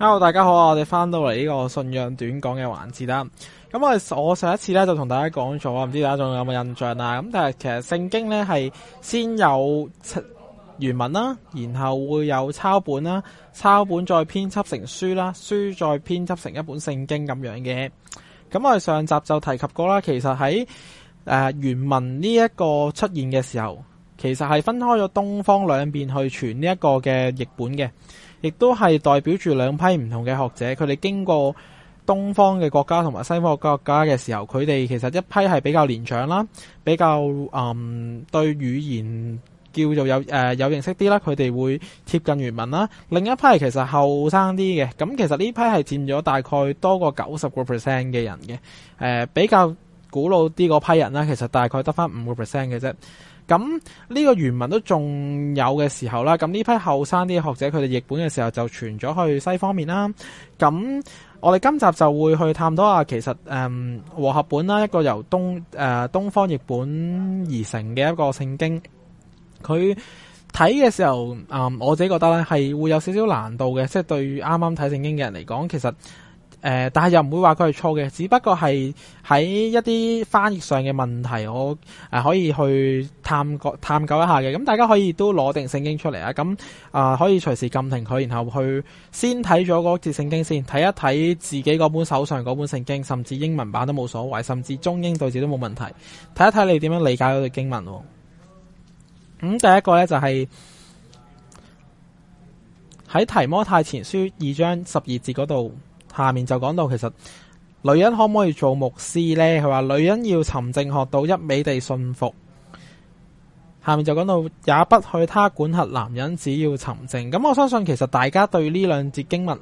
hello，大家好啊！我哋翻到嚟呢個信仰短講嘅環節啦。咁我哋我上一次咧就同大家講咗，唔知大家仲有冇印象啦？咁但係其實聖經呢，係先有原文啦，然後會有抄本啦，抄本再編輯成書啦，書再編輯成一本聖經咁樣嘅。咁我哋上集就提及過啦，其實喺誒、呃、原文呢一個出現嘅時候。其實係分開咗東西方兩邊去傳呢一個嘅譯本嘅，亦都係代表住兩批唔同嘅學者。佢哋經過東方嘅國家同埋西方嘅國家嘅時候，佢哋其實一批係比較年長啦，比較嗯對語言叫做有誒、呃、有認識啲啦，佢哋會貼近原文啦。另一批係其實後生啲嘅，咁其實呢批係佔咗大概多過九十個 percent 嘅人嘅，誒、呃、比較古老啲嗰批人呢，其實大概得返五個 percent 嘅啫。咁呢個原文都仲有嘅時候啦，咁呢批後生啲學者佢哋譯本嘅時候就傳咗去西方面啦。咁我哋今集就會去探討下其實誒、嗯、和合本啦，一個由東、呃、東方譯本而成嘅一個聖經，佢睇嘅時候、嗯，我自己覺得咧係會有少少難度嘅，即、就、係、是、對於啱啱睇聖經嘅人嚟講，其實。誒、呃，但係又唔會話佢係錯嘅，只不過係喺一啲翻譯上嘅問題，我誒、呃、可以去探探究一下嘅。咁、嗯、大家可以都攞定聖經出嚟啊，咁、嗯、啊、呃、可以隨時撳停佢，然後去先睇咗嗰節聖經先，睇一睇自己嗰本手上嗰本聖經，甚至英文版都冇所謂，甚至中英對字都冇問題。睇一睇你點樣理解嗰段經文、哦。咁、嗯、第一個呢，就係、是、喺提摩太前書二章十二節嗰度。下面就講到，其實女人可唔可以做牧師呢？佢話女人要沉靜，學到一味地信服。下面就講到，也不許他管轄男人，只要沉靜。咁我相信，其實大家對呢兩節經文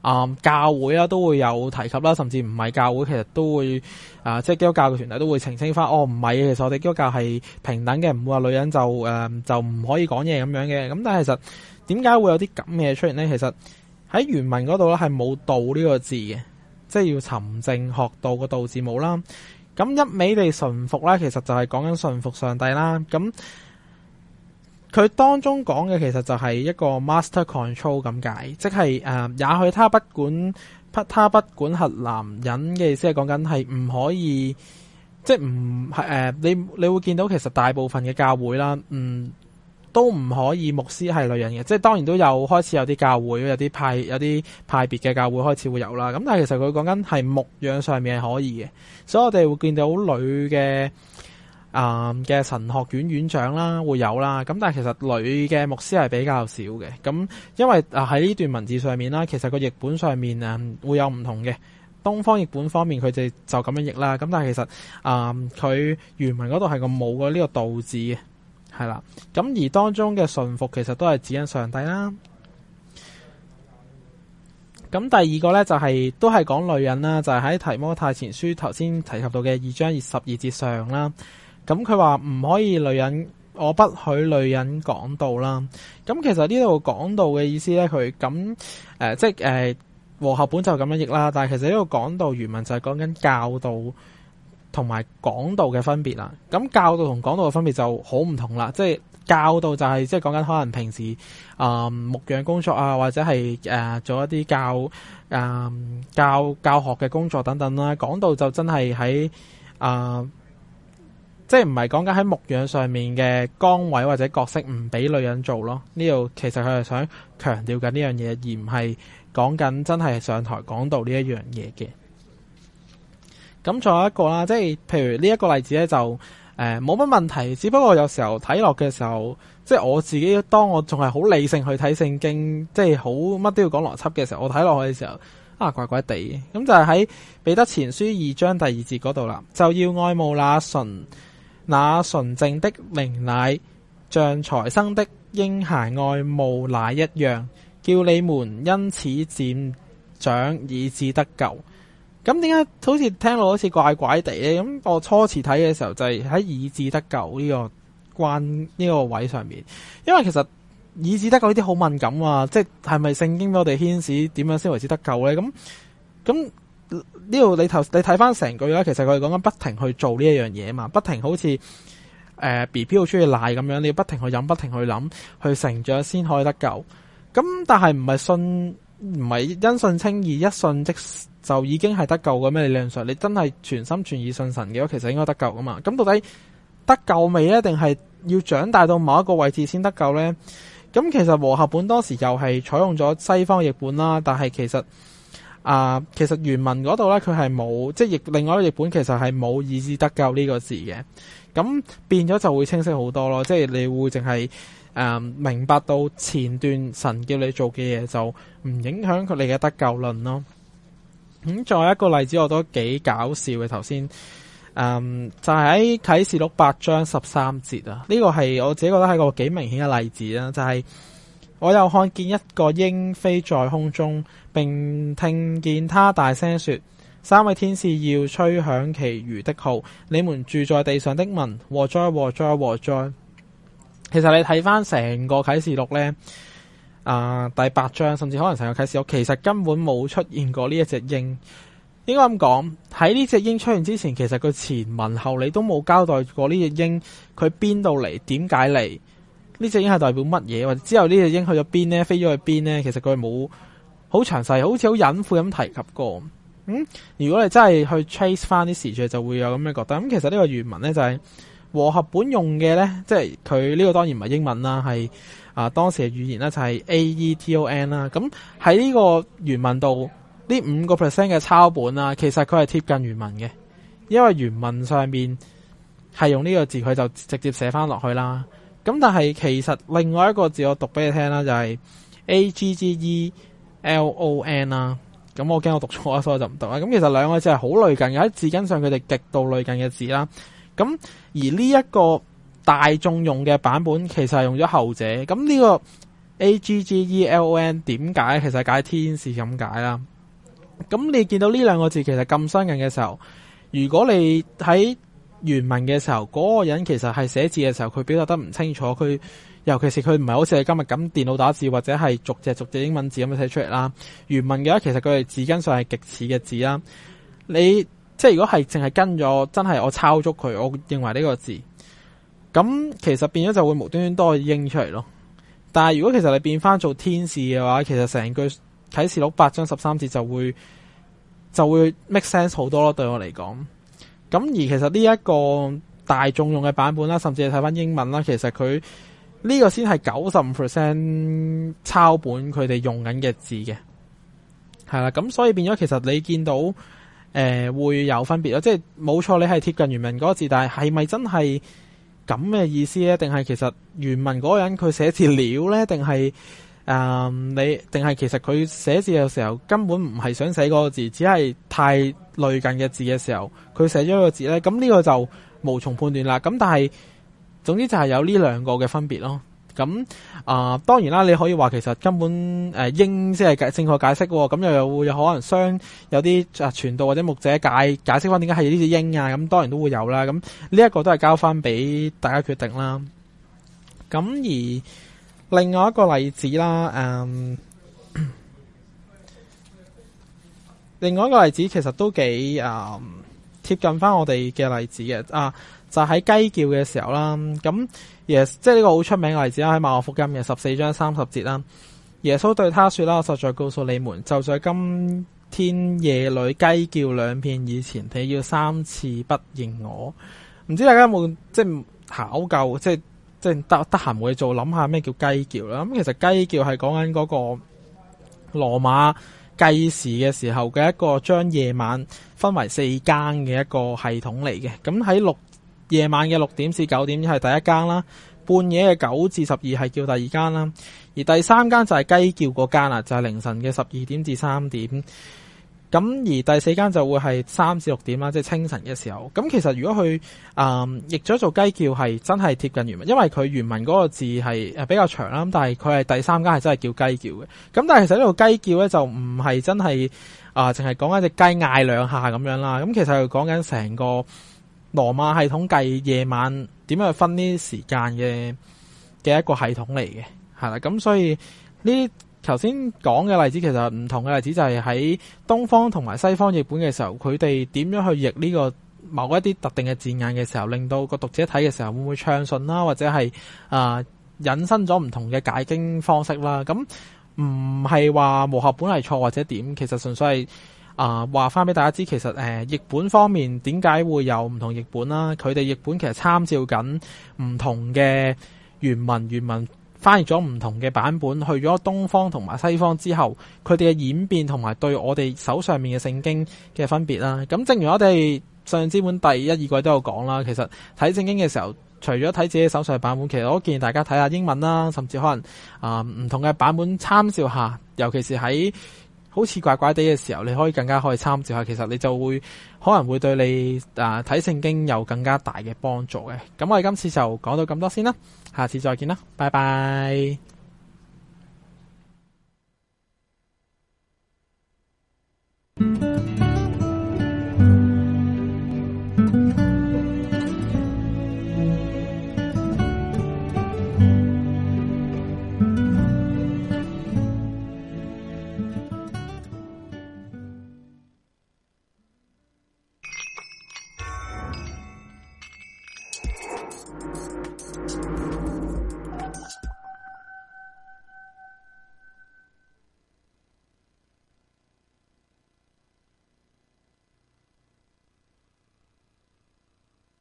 啊、呃、教會啊都會有提及啦，甚至唔係教會，其實都會啊、呃、即係基督教嘅團體都會澄清翻。哦，唔係嘅，其實我哋基督教係平等嘅，唔會話女人就誒、呃、就唔可以講嘢咁樣嘅。咁但係其實點解會有啲咁嘅嘢出現呢？其實。喺原文嗰度咧，係冇道呢個字嘅，即係要沉靜學道個道字冇啦。咁一味地順服啦，其實就係講緊順服上帝啦。咁佢當中講嘅其實就係一個 master control 咁解，即係誒、呃，也許他不管，他不管核男人嘅意思係講緊係唔可以，即係唔係誒，你你會見到其實大部分嘅教會啦，嗯。都唔可以，牧師係女人嘅。即係當然都有開始有啲教會，有啲派，有啲派別嘅教會開始會有啦。咁但係其實佢講緊係牧養上面係可以嘅，所以我哋會見到女嘅、啊嘅神學院院長啦會有啦。咁但係其實女嘅牧師係比較少嘅，咁因為喺呢段文字上面啦，其實個譯本上面啊會有唔同嘅，東方譯本方面佢哋就咁樣譯啦。咁但係其實啊佢、呃、原文嗰度係個冇嘅呢個道字嘅。係啦，咁而當中嘅順服其實都係指引上帝啦。咁、嗯、第二個呢，就係、是、都係講女人啦，就係、是、喺提摩太前書頭先提及到嘅二章十二節上啦。咁佢話唔可以女人，我不許女人講道啦。咁、嗯、其實呢度講道嘅意思呢，佢咁誒，即係、呃、和合本就咁樣譯啦。但係其實呢個講道原文就係講緊教導。同埋講道嘅分別啦，咁教導同講道嘅分別就好唔同啦。即係教導就係、是、即係講緊可能平時啊、呃、牧養工作啊，或者係誒、呃、做一啲教啊、呃、教教學嘅工作等等啦。講道就真係喺啊，即係唔係講緊喺牧養上面嘅崗位或者角色唔俾女人做咯。呢度其實佢係想強調緊呢樣嘢，而唔係講緊真係上台講道呢一樣嘢嘅。咁仲有一個啦，即係譬如呢一個例子咧，就誒冇乜問題，只不過有時候睇落嘅時候，即係我自己當我仲係好理性去睇聖經，即係好乜都要講邏輯嘅時候，我睇落去嘅時候啊，怪怪地。咁就係喺彼得前書二章第二節嗰度啦，就要愛慕那純那純正的靈奶，像才生的嬰孩愛慕奶一樣，叫你們因此漸長，以致得救。咁點解好似聽落好似怪怪地咧？咁我初次睇嘅時候就係喺以至得救呢個關呢個位上面，因為其實以至得救呢啲好敏感啊，即係咪聖經俾我哋牽始點樣先為之得救呢？咁咁呢度你頭你睇翻成句啦，其實佢講緊不停去做呢一樣嘢嘛，不停好似誒 BB 好中意賴咁樣，你要不停去飲，不停去諗，去成長先可以得救。咁但係唔係信唔係因信稱義，一信即。就已經係得救嘅咩？你量信你真係全心全意信神嘅話，其實應該得救噶嘛。咁到底得救未呢？定係要長大到某一個位置先得救呢？咁其實和合本當時又係採用咗西方譯本啦，但係其實啊、呃，其實原文嗰度呢，佢係冇即係另外一個譯本，其實係冇以致得救呢個字嘅。咁變咗就會清晰好多咯，即係你會淨係誒明白到前段神叫你做嘅嘢就唔影響佢哋嘅得救論咯。咁、嗯、再一個例子我都幾搞笑嘅，頭先、嗯，就係、是、喺啟示錄八章十三節啊，呢、這個係我自己覺得係個幾明顯嘅例子啦，就係、是、我又看見一個鷹飛在空中，並聽見他大聲說：三位天使要吹響其餘的號，你們住在地上的民，禍哉禍哉禍哉，禍哉。其實你睇翻成個啟示錄呢。啊、呃，第八章甚至可能成個啟示錄，其實根本冇出現過呢一隻鷹。應該咁講，喺呢隻鷹出現之前，其實佢前文後理都冇交代過呢隻鷹，佢邊度嚟？點解嚟？呢隻鷹係代表乜嘢？或者之後呢隻鷹去咗邊呢？飛咗去邊呢？其實佢冇好詳細，好似好隱晦咁提及過。嗯，如果你真係去 trace 翻啲時序，就會有咁嘅覺得。咁其實呢個原文呢、就是，就係。和合本用嘅呢，即係佢呢個當然唔係英文啦，係啊、呃、當時嘅語言咧就係 A E T O N 啦。咁喺呢個原文度，呢五個 percent 嘅抄本啦，其實佢係貼近原文嘅，因為原文上面係用呢個字，佢就直接寫翻落去啦。咁但係其實另外一個字，我讀俾你聽啦，就係、是、A G G E L O N 啦。咁我驚我讀錯啊，所以就唔讀啦。咁其實兩個字係好類近嘅，喺字根上佢哋極度類近嘅字啦。咁而呢一個大眾用嘅版本，其實係用咗後者。咁呢個 A G G E L O N 點解？其實解天使咁解啦。咁你見到呢兩個字其實咁相近嘅時候，如果你喺原文嘅時候，嗰個人其實係寫字嘅時候，佢表達得唔清楚。佢尤其是佢唔係好似你今日咁電腦打字或者係逐隻逐隻英文字咁樣寫出嚟啦。原文嘅話，其實佢哋字根上係極似嘅字啦。你。即係如果係淨係跟咗，真係我抄足佢，我認為呢個字，咁其實變咗就會無端端多個英出嚟咯。但係如果其實你變翻做天使嘅話，其實成句啟示錄八章十三字就會就會 make sense 好多咯。對我嚟講，咁而其實呢一個大眾用嘅版本啦，甚至係睇翻英文啦，其實佢呢個先係九十五 percent 抄本佢哋用緊嘅字嘅，係啦。咁所以變咗，其實你見到。誒、呃、會有分別咯，即係冇錯，你係貼近原文嗰個字，但係係咪真係咁嘅意思呢？定係其實原文嗰個人佢寫字潦呢？定係誒你？定係其實佢寫字嘅時候根本唔係想寫嗰個字，只係太類近嘅字嘅時候，佢寫咗個字呢？咁呢個就無從判斷啦。咁但係總之就係有呢兩個嘅分別咯。咁啊、呃，當然啦，你可以話其實根本英、呃、鷹先係正確解釋喎、喔。咁又會有又可能相有啲啊傳道或者牧者解解釋翻點解係呢隻鷹啊，咁當然都會有啦。咁呢一個都係交翻俾大家決定啦。咁而另外一個例子啦，誒、嗯，另外一個例子其實都幾啊、嗯、貼近翻我哋嘅例子嘅啊。就喺、是、雞叫嘅時候啦，咁耶即係呢個好出名嘅例子啦，喺《馬可福音》嘅十四章三十節啦。耶穌對他說啦：我實在告訴你們，就在今天夜裡雞叫兩遍以前，你要三次不認我。唔知大家有冇即係考究，即係即係得得閒會做諗下咩叫雞叫啦。咁其實雞叫係講緊嗰個羅馬計時嘅時候嘅一個將夜晚分為四更嘅一個系統嚟嘅。咁喺六。夜晚嘅六點至九點係第一間啦，半夜嘅九至十二係叫第二間啦，而第三間就係雞叫嗰間啦，就係、是、凌晨嘅十二點至三點。咁而第四間就會係三至六點啦，即、就、係、是、清晨嘅時候。咁其實如果佢啊譯咗做雞叫係真係貼近原文，因為佢原文嗰個字係誒比較長啦，咁但係佢係第三間係真係叫雞叫嘅。咁但係其實呢個雞叫呢，就唔係真係啊淨係講緊一隻雞嗌兩下咁樣啦。咁其實佢講緊成個。羅馬係統計夜晚點樣去分呢啲時間嘅嘅一個系統嚟嘅，係啦，咁所以呢頭先講嘅例子，其實唔同嘅例子就係喺東方同埋西方譯本嘅時候，佢哋點樣去譯呢個某一啲特定嘅字眼嘅時候，令到個讀者睇嘅時候會唔會暢順啦，或者係啊引申咗唔同嘅解經方式啦，咁唔係話無合本嚟錯和合本係錯或者點，其實純粹係。啊、呃，話翻俾大家知，其實誒譯、呃、本方面點解會有唔同譯本啦？佢哋譯本其實參照緊唔同嘅原文，原文翻譯咗唔同嘅版本，去咗東方同埋西方之後，佢哋嘅演變同埋對我哋手上面嘅聖經嘅分別啦。咁正如我哋上資本第一二季都有講啦，其實睇聖經嘅時候，除咗睇自己手上嘅版本，其實我都建議大家睇下英文啦，甚至可能啊唔、呃、同嘅版本參照下，尤其是喺。好似怪怪地嘅時候，你可以更加可以參照下，其實你就會可能會對你啊睇聖經有更加大嘅幫助嘅。咁我哋今次就講到咁多先啦，下次再見啦，拜拜。